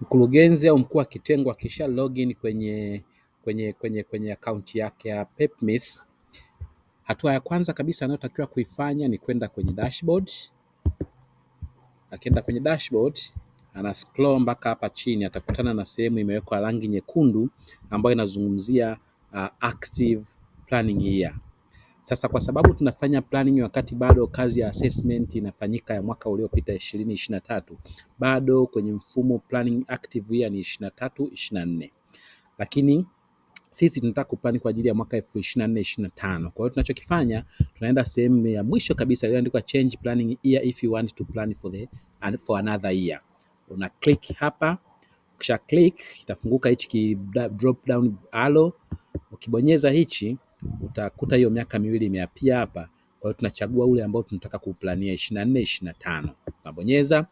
mkurugenzi au mkuu wa kitengo akisha login kwenye kwenye kwenye kwenye akaunti yake ya PEPMIS, hatua ya kwanza kabisa anayotakiwa kuifanya ni kwenda kwenye dashboard. Akienda kwenye dashboard ana scroll mpaka hapa chini atakutana na sehemu imewekwa rangi nyekundu ambayo inazungumzia uh, active planning year. Sasa kwa sababu tunafanya planning wakati bado kazi ya assessment inafanyika ya mwaka uliopita 2023 bado kwenye mfumo planning active year ni 23 24, lakini sisi tunataka kuplan kwa ajili ya mwaka 2024 25. Kwa hiyo tunachokifanya tunaenda sehemu ya mwisho kabisa iliyoandikwa change planning year if you want to plan for the and for another year. Una click hapa, Ukisha click itafunguka hichi drop down arrow, ukibonyeza hichi utakuta hiyo miaka miwili imeapia hapa. Kwa hiyo tunachagua ule ambao tunataka kuplania 24 25. Tunabonyeza,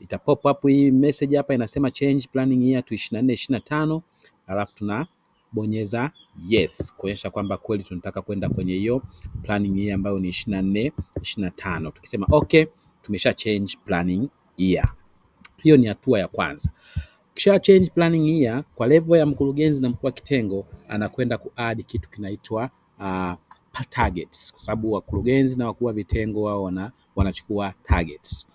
ita pop up hii message hapa inasema change planning year to 24 25, alafu tunabonyeza yes kuonyesha kwamba kweli tunataka kwenda kwenye hiyo planning year ambayo ni 24 25. Tukisema okay, tumesha change planning year. Hiyo ni hatua ya kwanza. Kisha change planning year kwa level ya mkurugenzi na mkuu wa kitengo anakwenda kuadi kitu kinaitwa uh, targets kwa sababu wakurugenzi na wakuu wa vitengo wao wana, wanachukua targets.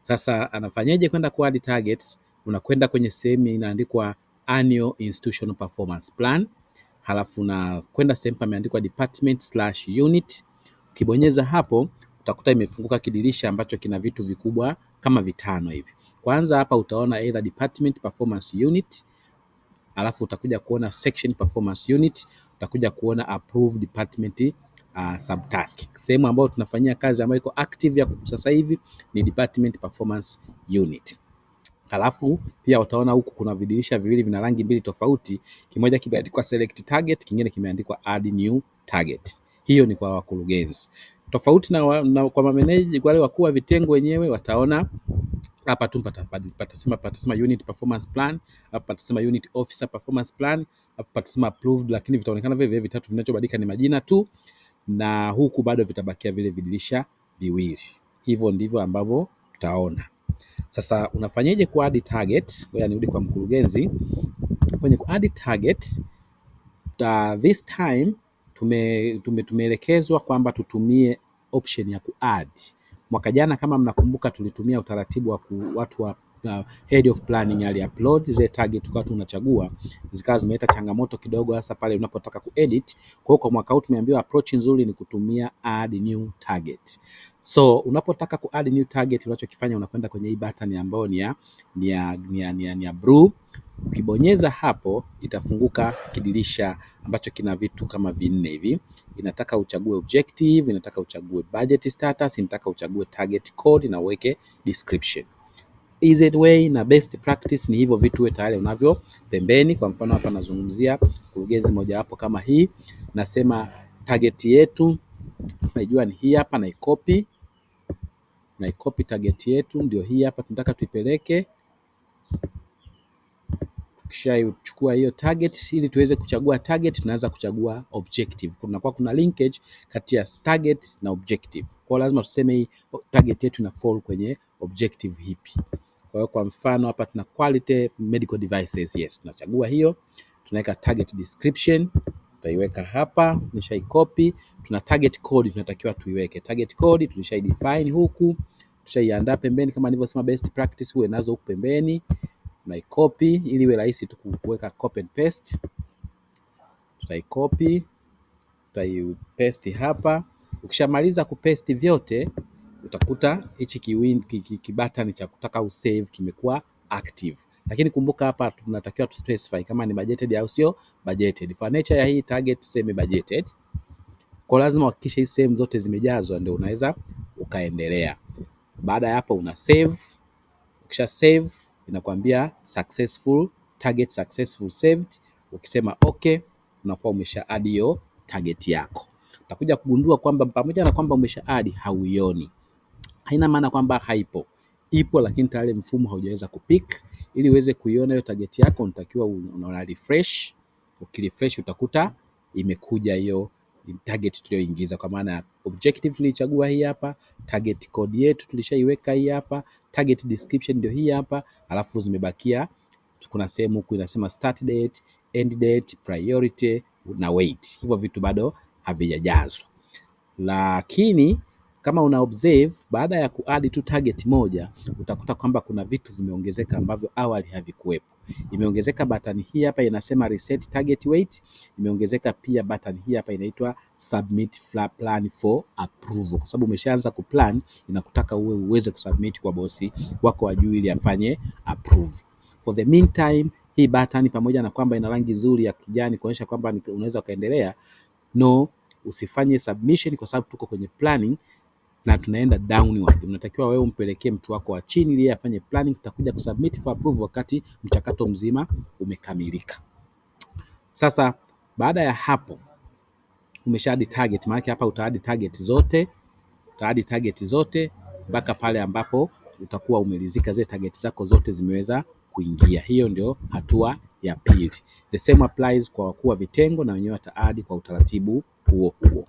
Sasa anafanyaje kwenda kuadi targets? Unakwenda kwenye sehemu inaandikwa annual institutional performance plan, halafu unakwenda sehemu pameandikwa department unit. Ukibonyeza hapo utakuta imefunguka kidirisha ambacho kina vitu vikubwa kama vitano hivi. Kwanza hapa utaona either department performance unit, alafu utakuja kuona section performance unit, utakuja kuona approved department uh, subtask. Sehemu ambayo tunafanyia kazi ambayo iko active ya sasa hivi ni department performance unit. Alafu pia utaona huku kuna vidirisha viwili vina rangi mbili tofauti, kimoja kimeandikwa select target, kingine kimeandikwa add new target. Hiyo ni kwa wakurugenzi tofauti na, wa, na kwa mameneji wale wakuu wa vitengo wenyewe wataona hapa tu patasema patasema unit performance plan, hapa patasema unit officer performance plan, hapa patasema approved, lakini vitaonekana vile vile vitatu. Vinachobadilika ni majina tu, na huku bado vitabakia vile vidirisha viwili. Hivyo ndivyo ambavyo tutaona. Sasa unafanyaje ku add target? Ngoja nirudi kwa mkurugenzi kwenye ku add target. Uh, this time tume, tume, tumeelekezwa kwamba tutumie option ya kuadd. Mwaka jana kama mnakumbuka, tulitumia utaratibu wa ku, watu wa uh, head of planning ali upload zile target tukawa tunachagua, zikawa zimeleta changamoto kidogo, hasa pale unapotaka kuedit. Kwa hiyo kwa mwaka huu tumeambiwa approach nzuri ni kutumia add new target. So unapotaka kuadd new target, unachokifanya unakwenda kwenye hii button ambayo ni ya, ni ya, ni ya, ni ya, ni ya blue Ukibonyeza hapo itafunguka kidirisha ambacho kina vitu kama vinne hivi. Inataka uchague objective, inataka uchague budget status, inataka uchague target code na uweke description. Easy way na best practice ni hivyo vitu tayari unavyo pembeni. Kwa mfano hapa nazungumzia kurugenzi mojawapo kama hii, nasema target yetu najua ni hii hapa, naikopi naikopi target yetu ndio hii hapa, tunataka tuipeleke Tukishachukua hiyo target, ili tuweze kuchagua target, tunaanza kuchagua objective. Kunakuwa kuna linkage kati ya target na objective, kwa lazima tuseme hii target yetu ina fall kwenye objective hipi. Kwa hiyo kwa mfano hapa tuna quality medical devices, yes, tunachagua hiyo, tunaweka target description tutaiweka hapa, copy. Tuna target code tunatakiwa tuiweke target code, tulishai define huku, tushaiandaa pembeni, kama nilivyosema best practice huwe nazo huku pembeni tunaicopy ili iwe rahisi tu kuweka copy and paste. Tutaicopy, tutaipaste hapa. Ukishamaliza kupaste vyote, utakuta hichi kibatani cha kutaka usave kimekuwa active, lakini kumbuka hapa tunatakiwa tu specify kama ni budgeted au sio budgeted. For nature ya hii target tuseme budgeted, kwa lazima uhakikishe hizi sehemu zote zimejazwa, ndio unaweza ukaendelea. Baada ya hapo una save, ukisha save inakwambia successful target successful saved. Ukisema okay, unakuwa umesha add hiyo target yako. Utakuja kugundua kwamba pamoja na kwamba umesha add, hauioni. Haina maana kwamba haipo, ipo, lakini tayari mfumo haujaweza kupick. Ili uweze kuiona hiyo target yako, unatakiwa una refresh. Ukirefresh utakuta imekuja hiyo target tuliyoingiza, kwa maana ya objective tulichagua hii hapa, target code yetu tulishaiweka hii hapa, target description ndio hii hapa, alafu zimebakia kuna sehemu huku inasema start date, end date, priority na weight. Hivyo vitu bado havijajazwa lakini kama una observe baada ya kuadi tu target moja, utakuta kwamba kuna vitu vimeongezeka ambavyo awali havikuwepo. Imeongezeka button hii hapa inasema reset target weight, imeongezeka pia button hii hapa inaitwa submit plan for approval, kwa sababu umeshaanza kuplan, inakutaka uwe uweze kusubmit kwa bosi wako wa juu ili afanye approve. For the meantime hii button pamoja na kwamba ina rangi nzuri ya kijani kuonyesha kwamba unaweza ukaendelea, no, usifanye submission kwa sababu tuko kwenye planning na tunaenda wapi. Unatakiwa wewe umpelekee mtu wako wa chini ili afanye planning, tutakuja kusubmit for approval wakati mchakato mzima umekamilika. Sasa baada ya hapo umesha adi target, maana hapa uta adi target zote, uta target zote mpaka pale ambapo utakuwa umelizika zile target zako zote zimeweza kuingia. Hiyo ndio hatua ya pili. The same applies kwa wakuu wa vitengo, na wenyewe wataadi kwa utaratibu huo huo.